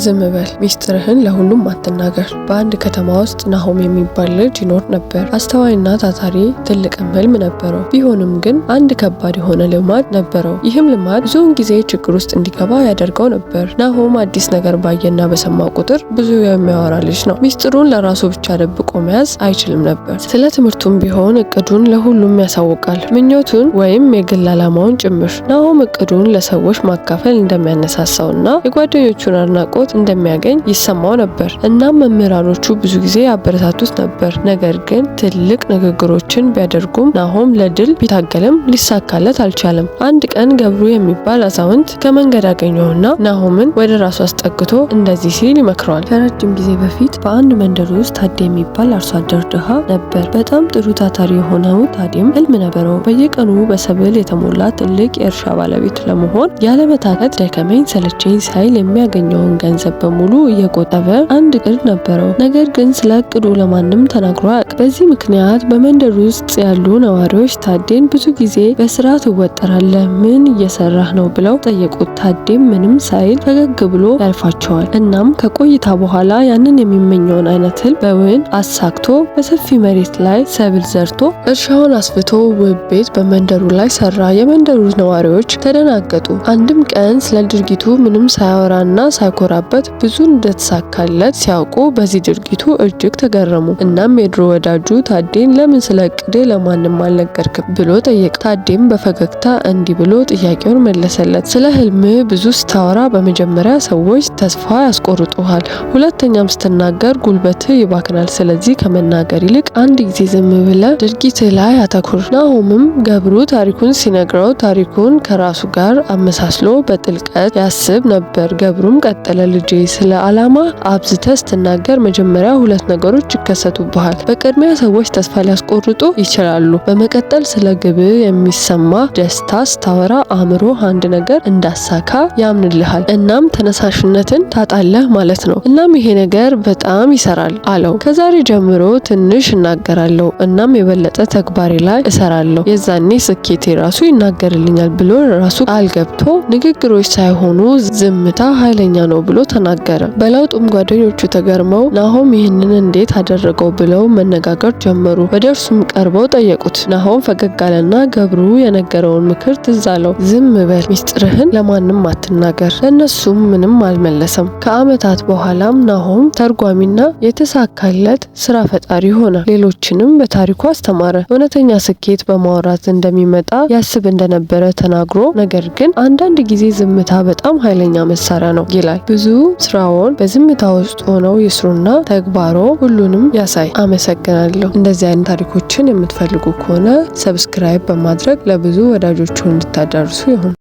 ዝም በል ሚስጥርህን ለሁሉም አትናገር። በአንድ ከተማ ውስጥ ናሆም የሚባል ልጅ ይኖር ነበር። አስተዋይና ታታሪ ትልቅም ህልም ነበረው። ቢሆንም ግን አንድ ከባድ የሆነ ልማድ ነበረው። ይህም ልማድ ብዙውን ጊዜ ችግር ውስጥ እንዲገባ ያደርገው ነበር። ናሆም አዲስ ነገር ባየና በሰማ ቁጥር ብዙ የሚያወራ ልጅ ነው። ሚስጥሩን ለራሱ ብቻ ደብቆ መያዝ አይችልም ነበር። ስለ ትምህርቱም ቢሆን እቅዱን ለሁሉም ያሳውቃል፣ ምኞቱን ወይም የግል ዓላማውን ጭምር። ናሆም እቅዱን ለሰዎች ማካፈል እንደሚያነሳሳውና የጓደኞቹን አድናቆ አድናቆት እንደሚያገኝ ይሰማው ነበር። እናም መምህራኖቹ ብዙ ጊዜ ያበረታቱት ነበር። ነገር ግን ትልቅ ንግግሮችን ቢያደርጉም ናሆም ለድል ቢታገልም ሊሳካለት አልቻለም። አንድ ቀን ገብሩ የሚባል አዛውንት ከመንገድ አገኘውና ናሆምን ወደ ራሱ አስጠግቶ እንደዚህ ሲል ይመክረዋል። ከረጅም ጊዜ በፊት በአንድ መንደር ውስጥ ታዴ የሚባል አርሶ አደር ድሃ ነበር። በጣም ጥሩ ታታሪ የሆነው ታዴም ህልም ነበረው በየቀኑ በሰብል የተሞላ ትልቅ የእርሻ ባለቤት ለመሆን ያለመታከት ደከመኝ ሰለቸኝ ሳይል የሚያገኘውን ገንዘብ በሙሉ እየቆጠበ አንድ እቅድ ነበረው። ነገር ግን ስለ እቅዱ ለማንም ተናግሮ አያውቅም። በዚህ ምክንያት በመንደር ውስጥ ያሉ ነዋሪዎች ታዴን ብዙ ጊዜ በስራ ትወጠራለህ፣ ምን እየሰራህ ነው ብለው ጠየቁት። ታዴም ምንም ሳይል ፈገግ ብሎ ያልፋቸዋል። እናም ከቆይታ በኋላ ያንን የሚመኘውን አይነት ህል በውን አሳክቶ በሰፊ መሬት ላይ ሰብል ዘርቶ እርሻውን አስፍቶ ውብ ቤት በመንደሩ ላይ ሰራ። የመንደሩ ነዋሪዎች ተደናገጡ። አንድም ቀን ስለ ድርጊቱ ምንም ሳያወራና ሳይኮራ እንደሰራበት ብዙ እንደተሳካለት ሲያውቁ በዚህ ድርጊቱ እጅግ ተገረሙ። እናም የድሮ ወዳጁ ታዴን ለምን ስለ እቅዴ ለማንም አልነገርክም ብሎ ጠየቅ። ታዴም በፈገግታ እንዲህ ብሎ ጥያቄውን መለሰለት። ስለ ህልምህ ብዙ ስታወራ በመጀመሪያ ሰዎች ተስፋ ያስቆርጡሃል፣ ሁለተኛም ስትናገር ጉልበትህ ይባክናል። ስለዚህ ከመናገር ይልቅ አንድ ጊዜ ዝም ብለ ድርጊት ላይ አተኩር። ናሆምም ገብሩ ታሪኩን ሲነግረው ታሪኩን ከራሱ ጋር አመሳስሎ በጥልቀት ያስብ ነበር። ገብሩም ቀጠለ። ልጄ ስለ አላማ አብዝተ ስትናገር መጀመሪያ ሁለት ነገሮች ይከሰቱብሃል። በቅድሚያ ሰዎች ተስፋ ሊያስቆርጡ ይችላሉ። በመቀጠል ስለ ግብ የሚሰማ ደስታ ስታወራ አእምሮ አንድ ነገር እንዳሳካ ያምንልሃል፣ እናም ተነሳሽነትን ታጣለህ ማለት ነው። እናም ይሄ ነገር በጣም ይሰራል አለው። ከዛሬ ጀምሮ ትንሽ እናገራለሁ፣ እናም የበለጠ ተግባሬ ላይ እሰራለሁ። የዛኔ ስኬቴ ራሱ ይናገርልኛል ብሎ ራሱ አልገብቶ ንግግሮች ሳይሆኑ ዝምታ ኃይለኛ ነው ብሎ ብሎ ተናገረ። በለውጡም ጓደኞቹ ተገርመው ናሆም ይህንን እንዴት አደረገው ብለው መነጋገር ጀመሩ። ወደ እርሱም ቀርበው ጠየቁት። ናሆም ፈገግ አለና ገብሩ የነገረውን ምክር ትዝ አለው። ዝም በል ሚስጥርህን ለማንም አትናገር። ለእነሱም ምንም አልመለሰም። ከዓመታት በኋላም ናሆም ተርጓሚና የተሳካለት ስራ ፈጣሪ ሆነ። ሌሎችንም በታሪኩ አስተማረ። እውነተኛ ስኬት በማውራት እንደሚመጣ ያስብ እንደነበረ ተናግሮ ነገር ግን አንዳንድ ጊዜ ዝምታ በጣም ኃይለኛ መሳሪያ ነው ይላል። ብዙ ስራውን በዝምታ ውስጥ ሆነው ይስሩና ተግባሮ ሁሉንም ያሳይ። አመሰግናለሁ። እንደዚህ አይነት ታሪኮችን የምትፈልጉ ከሆነ ሰብስክራይብ በማድረግ ለብዙ ወዳጆቹ እንድታዳርሱ ይሁን።